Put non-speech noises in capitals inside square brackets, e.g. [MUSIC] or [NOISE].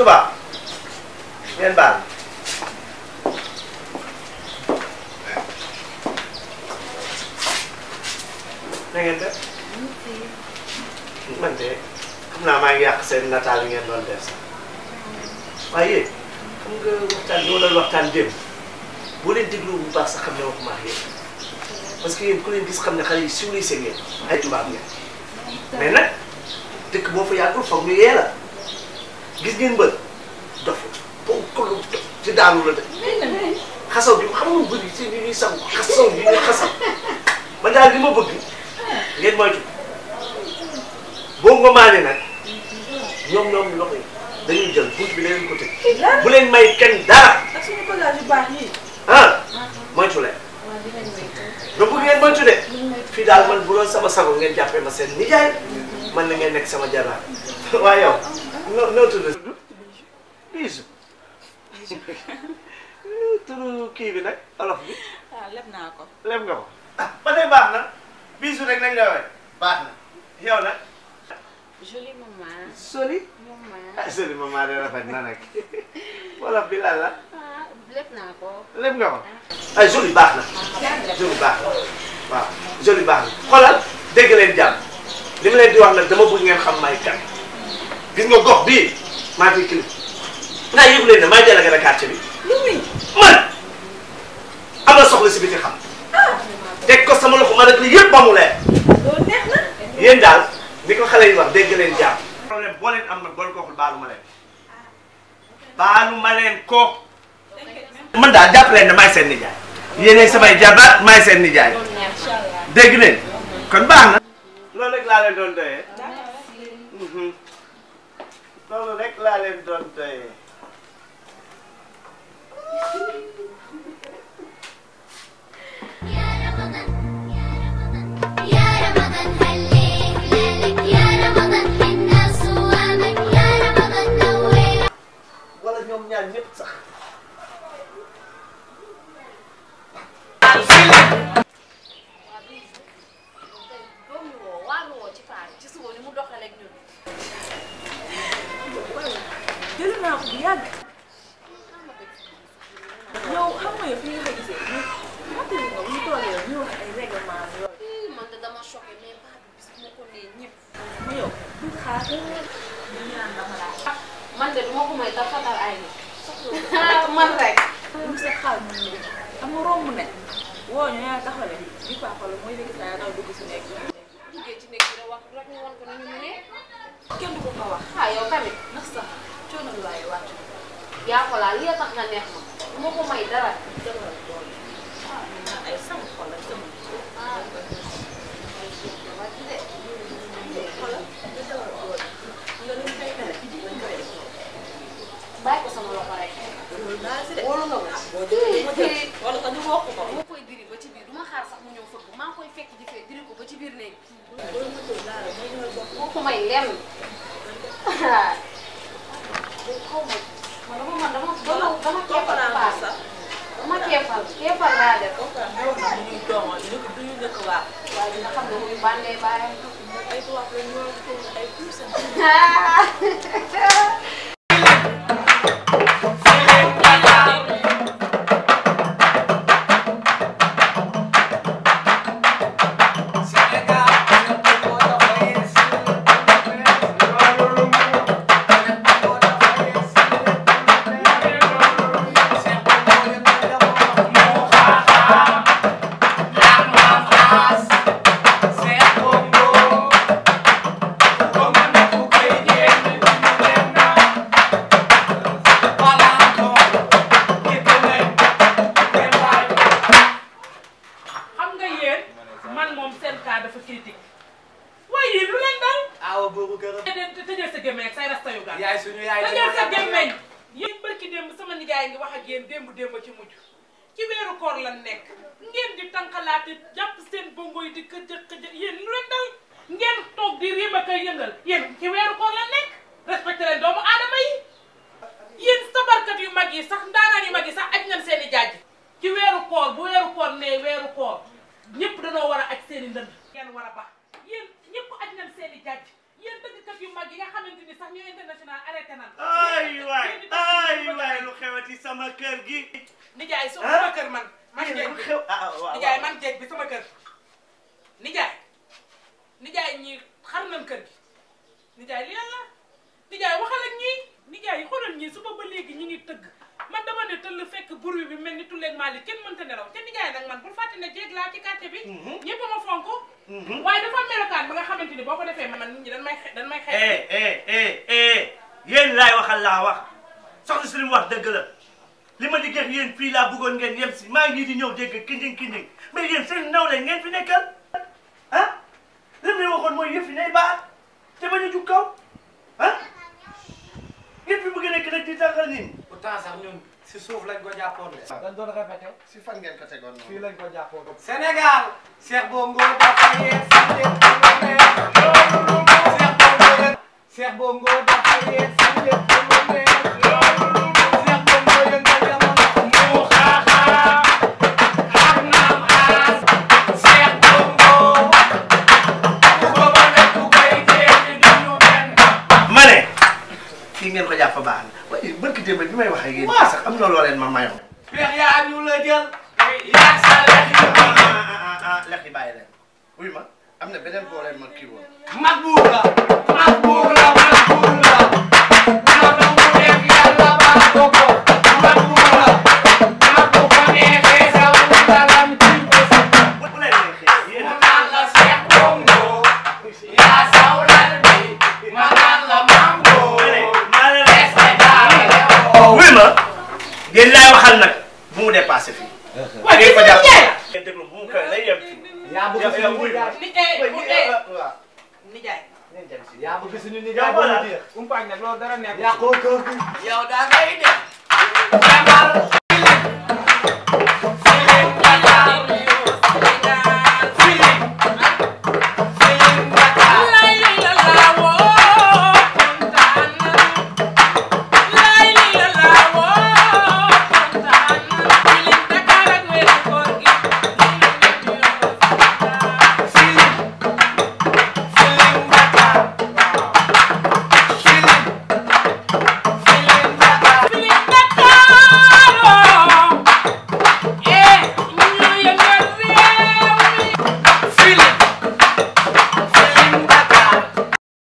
tubaab ngeen baal na ngeen man de xam naa maa ngi seen nataal yi ngeen doon def sax waaye xam nga waxtaan bi wala waxtaan démb boo leen déglu bu baax sax xam ne waxuma ak yéen parce que yéen ku leen gis xam ne xale yi civilisé ngeen ay tubaab ngeen mais nag dëkk boo fa yàggul foog ñu yee la gis ngeen mbër dof boobu kollu ci daanu la de xasaw bi xam nga bëri si ñu ñuy sam xasaw bi ñuy xasaw man daal li ma bëgg ngeen moytu boobu nga maane nag ñoom ñoom loxo yi jël bunt bi leen ko tëj bu leen may kenn dara ak suñu bagage yu baax yi ah moytu leen do ngeen moytu fii daal man bu doon sama sago ngeen jàppee ma seen nijaay man na ngeen nekk sama jaraan [LAUGHS] waa yow noo noo tudd. Bijou Bijou. noo tudd kii bi nag olof bi. waaw ah, leb naa ko. leb nga ko. ah ba tey baax na Bijou rek lañ la woowee. baax na yow nag. jolie maman. jolie. maman ah jolie maman de rafet na nag wolof bi lan la. ah leb naa ko. leb nga ko. ay ah. ah, jolie baax na. jolie baax na waaw jolie baax na. xoolal dégg leen jàmm li ma leen di wax nag dama bëgg ngeen xam may kan. gis nga gox bii maa fi kilif ngaa yëgu leen ne maa délégué la quartier bi. man am na soxla si biti xam. Ah. teg ko sama loxo ma nag li yëpp ba mu leer. loolu daal ni ko xale yi wax dégg leen jàmm. problème boo leen am nag boo leen ma leen baalu ma leen ko. man daal jàpp leen ne maay seen nijaay. yéenay samay jabaat maay seen nijaay. dégg leen kon baax na. loolu rek laa leen doon leen doon doyee naa ko bu yàgg. yow xam nga fi nga ko gisee ñu fàttali ko ñu toogee ñu wax ay règlement man de dama choqué mais ba bis bu ma ko nee ñëpp. mais yow du xaar dañu naan ma ko may mu se xaal mu ne am ne woo ñu yaa taxawale di papa la mooy léegi saa daw nekk duggee ci nekk bi wax rek ñu wan ko nañu mu ne kenn du ko wax ah yow tamit sax coono bi waaye wàcc yaa ko laal li nga tax nga neex ma bu ma ko may dara demal doon ay sama xol la sama bàyyi ko sama loxo rek. wóolu nga ma. boo jëlee ma jël wala ko ñu wokk ko. ma koy diri ba ci biir du ma xaar sax mu ñëw fëgg maa koy fekk di fee diri ko ba ci biir néeg. loolu ma koy laal ma ñëw bokk. moo ko may lenn. xaw ma dama man dama dama dama keefal paas dama keefal keefal laa def. ñuy doomal ñu duñu dëkk waaw. waaye gërëm. tëjal sa gémmeñ ak say rasta yu gàtt. yaay suñu yaay tëjal sa gémmeñ. yéen sama nijaay ngi wax ak yéen démb démb ci mujj ci weeru koor la nekk ngeen di tànkalaate jàpp seen bongo yi di këjëk këjëk yéen lu leen dal ngeen toog di riim ak ay yëngal yéen ci weeru koor la nekk respecté leen doomu aadama yi yéen sabarkat yu mag yi sax ndaanaan yu mag yi sax aj nañ seen i jaaj ci weeru koor bu weeru koor nee weeru koor ñëpp danoo war a aj seen i ndënd ngeen war a baax yéen ñëpp aj nañ seen i jaaj kat yu mag yi nga xamante ni sax ñu international arrêté na. ay waay ay waay lu sama kër gi. nijaay soo sama kër man. man jeeg bi ah, nijaay man jeeg bi sama kër. nijaay nijaay ñi xar nañ kër gi nijaay li yàlla nijaay waxal ak ñii nijaay xoolal ñii suba ba léegi ñu ngi tëgg man dama ne tëll fekk bruit bi mel ni tulleeg maali kenn mënta nelaw te nijaay nag man bul fàtte ne nit laa ci quartier bi. Mhm. ñëpp ma fonk. Mhm. waaye dafa am melokaan ba nga xamante ni boo ko defee man nit ñi dañ may xe dañ may xeex. Eh, eh, eh, yéen laay waxal laa wax soxna si li mu wax dëgg la li ma di gën yéen fii laa bëggoon ngeen yem si maa ngi di ñëw dégg kinjing kinjing mais yéen seen naw la ngeen fi nekkal ah li mu waxoon mooy yëf yi nay baal te bañ a jug kaw ah ngeen fi bëgg nekk nag di tàngal nii. pourtant si suuf lañ ko jàppoon de. dañ doon répété. si fan ngeen ko tegoon noonu. fii lañ ko jàppoon. Sénégal. Cheikh Bongo dafa yee sante bu mu neex. Cheikh Bongo dafa yee sante bu mu neex. ngeen ko jàpp baax na barki démb bi may wax ak yéen. waaw sax am na loo leen ma mayoon. pexe la jël. yaa sa lex ma am na beneen boo leen ma kii woon. mag buur la mag buur la mag buur la. dina doon mu nekk laal nag bu mu dépassé fii. waaw gis nga njëriñ. déglu bu mu ko lay yem fii. yaa bëgg suñu nijaay nijaay. yaa bëgg suñu nijaay boo mu jeex. umpaañ nag loolu dara nekk. yaa ko kër gi. yow daa ngay def.